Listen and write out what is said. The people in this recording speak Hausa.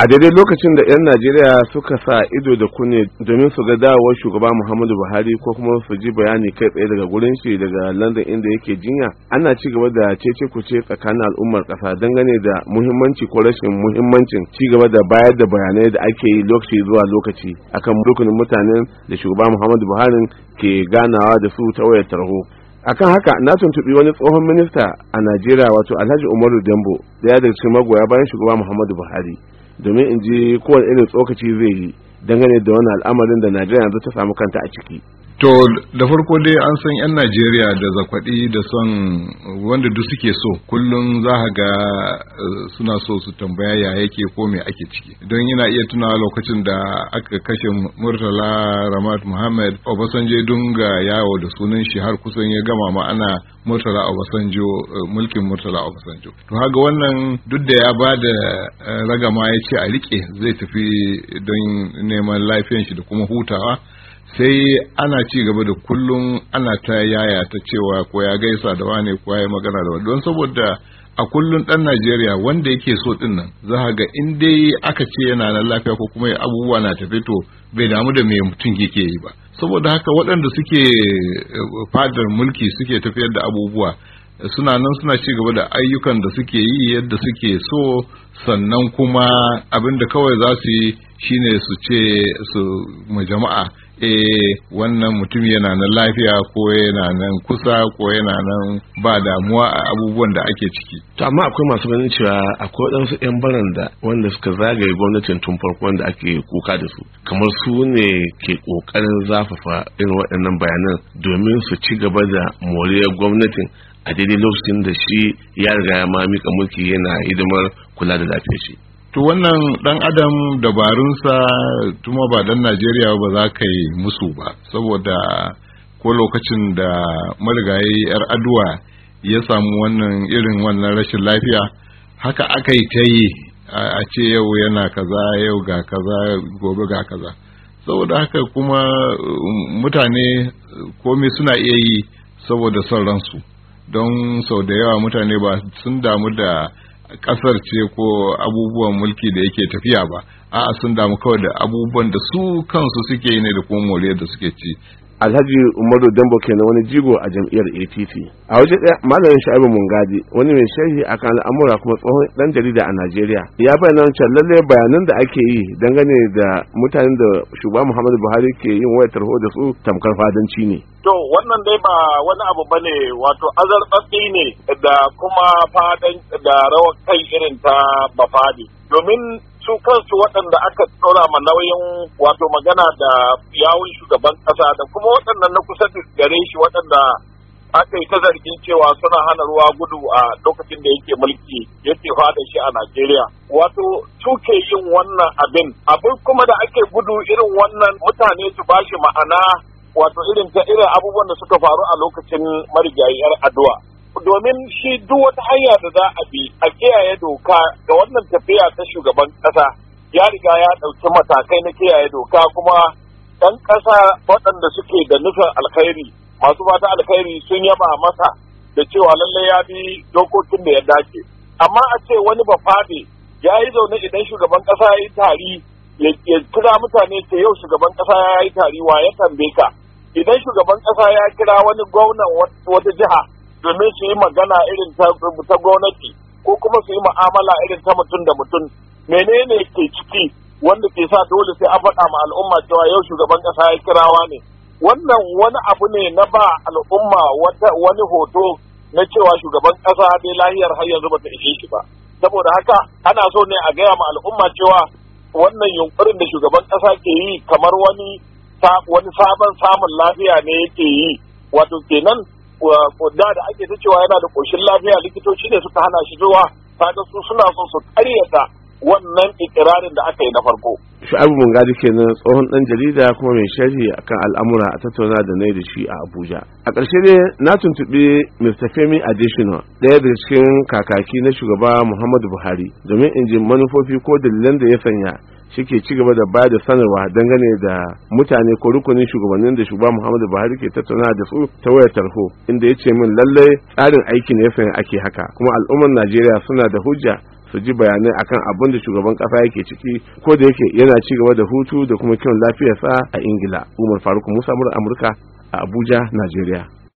a daidai lokacin da 'yan najeriya suka sa ido da kunne domin su ga dawowar shugaba muhammadu buhari ko kuma su ji bayani kai tsaye daga gurin shi daga london inda yake jinya ana ci gaba da cece kuce tsakanin al'ummar kasa dangane da muhimmanci ko rashin muhimmancin ci gaba da bayar da bayanai da ake yi lokaci zuwa lokaci akan rukunin mutanen da shugaba muhammadu buhari ke ganawa da su ta wayar tarho akan haka na tuntubi wani tsohon minista a najeriya wato alhaji umaru dambo daya daga cikin magoya bayan shugaba muhammadu buhari domin in ji kowane irin tsokaci zai yi dangane da wani al'amarin da najeriya yanzu ta samu kanta a ciki to da farko dai an san 'yan najeriya da zakwaɗi da son wanda duk suke so kullum za ga eh, suna so su tambaya ya yake ko me ake ciki don yana iya tuna lokacin da aka kashe murtala ramat muhammad obasanjo dunga yawo da sunan shi har kusan ya gama ma'ana murtala obasanjo eh, mulkin murtala obasanjo to haga wannan duk da ya ba da eh, ragama ya ce a rike zai tafi don neman lafiyan shi da kuma hutawa sai ana ci gaba da kullum ana ta yaya ta cewa ko ya gaisa da wane ko ya magana da wani don saboda a kullum dan Najeriya wanda yake so din nan za ga in dai aka ce yana nan lafiya ko kuma abubuwa na tafi to bai damu da me mutum yake yi ba saboda haka waɗanda suke eh, fadar mulki suke tafiyar da abubuwa suna nan suna ci gaba da ayyukan da suke yi yadda suke so sannan kuma abin da kawai za su yi shine su ce su ma jama'a eh wannan mutum yana nan lafiya ko yana nan kusa ko yana nan ba damuwa a abubuwan da ake ciki to amma akwai masu ganin cewa akwai su yan baran da wanda suka zagaye gwamnatin tun farko wanda ake kuka da su kamar su ne ke kokarin zafafa irin waɗannan bayanan domin su ci gaba da moriyar gwamnatin a daidai lokacin da shi ya riga ya ma mika mulki yana hidimar kula da lafiya shi to wannan dan adam dabarunsa tuma ba dan najeriya ba za ka yi musu ba saboda ko lokacin da marigayi yar aduwa ya samu wannan irin wannan rashin lafiya haka aka yi ta yi a ce yau yana kaza yau ga kaza gobe ga kaza saboda haka kuma um, mutane komai suna iya yi saboda son ransu don sau da yawa mutane ba sun damu da kasar ce ko abubuwan mulki da yake tafiya ba a'a sun damu kawai da abubuwan da su kansu suke yi ne da kuma moriyar da suke ci alhaji umaru dambo kenan wani jigo a jam'iyyar apc a waje ɗaya malamin sha'ibu mungadi wani mai sharhi akan al'amura kuma tsohon ɗan jarida a najeriya ya bayyana cewa lalle bayanan da ake yi dangane da mutanen da shugaba muhammadu buhari ke yin wayar tarho da su tamkar fadanci ne to wannan dai ba wani abu ba ne wato azartsatsi ne da kuma fadan da rawar kai irin ta bafadi domin su kansu waɗanda aka ɗora ma nauyin wato magana da yawun shugaban ƙasa da kuma waɗannan na kusa gare shi waɗanda aka yi ta zargin cewa suna hana ruwa gudu a lokacin da yake mulki yake fada shi a Najeriya. Wato suke yin wannan abin abin kuma da ake gudu irin wannan mutane su bashi ma'ana wato irin ta irin abubuwan da suka faru a lokacin marigayi 'yar addu'a. domin shi duk wata hanya da za a bi a kiyaye doka ga wannan tafiya ta shugaban kasa, ya riga ya ɗauki matakai na kiyaye doka kuma ɗan ƙasa waɗanda suke da nufin alkhairi masu fata alkhairi sun yaba masa da cewa lallai ya bi dokokin da ya dace amma a ce wani ba faɗi ya yi zaune idan shugaban ƙasa ya yi tari ya kira mutane ce yau shugaban ƙasa ya yi tari wa ya tambaye ka idan shugaban ƙasa ya kira wani gwamnan wata jiha domin su yi magana irin ta gwamnati ko kuma su yi ma'amala irin ta mutum da mutum menene ke ciki wanda ke sa dole sai a faɗa ma al'umma cewa yau shugaban ƙasa ya kirawa ne wannan wani abu ne na ba al'umma wani hoto na cewa shugaban ƙasa dai lahiyar har yanzu bata ishe shi ba saboda haka ana so ne a gaya ma al'umma cewa wannan yunkurin da shugaban ƙasa ke yi kamar wani wani sabon samun lafiya ne yake yi wato kenan kodda da ake ta cewa yana da koshin lafiya likitoci ne suka hana shi zuwa kaga su suna son su karyata wannan ikirarin da aka yi na farko. Shu'abu Mungadi kenan tsohon ɗan jarida kuma mai sharhi akan al'amura a tattauna da na da shi a Abuja. A ƙarshe ne na tuntuɓi Mr. Femi Adesina ɗaya daga cikin kakaki na shugaba Muhammadu Buhari domin in ji manufofi ko dalilan da ya sanya shike ci gaba da ba da sanarwa dangane da mutane ko rukunin shugabannin da shugaba Muhammadu Buhari ke tattauna da su ta wayar tarho inda ya ce min lallai tsarin aikin ne yasa ake haka kuma al'ummar Najeriya suna da hujja su ji bayanai akan abin da shugaban kasa yake ciki ko da yake yana ci gaba da hutu da kuma kiran lafiyarsa a Ingila. Umar Faruk Musa Amurka a Abuja, Najeriya.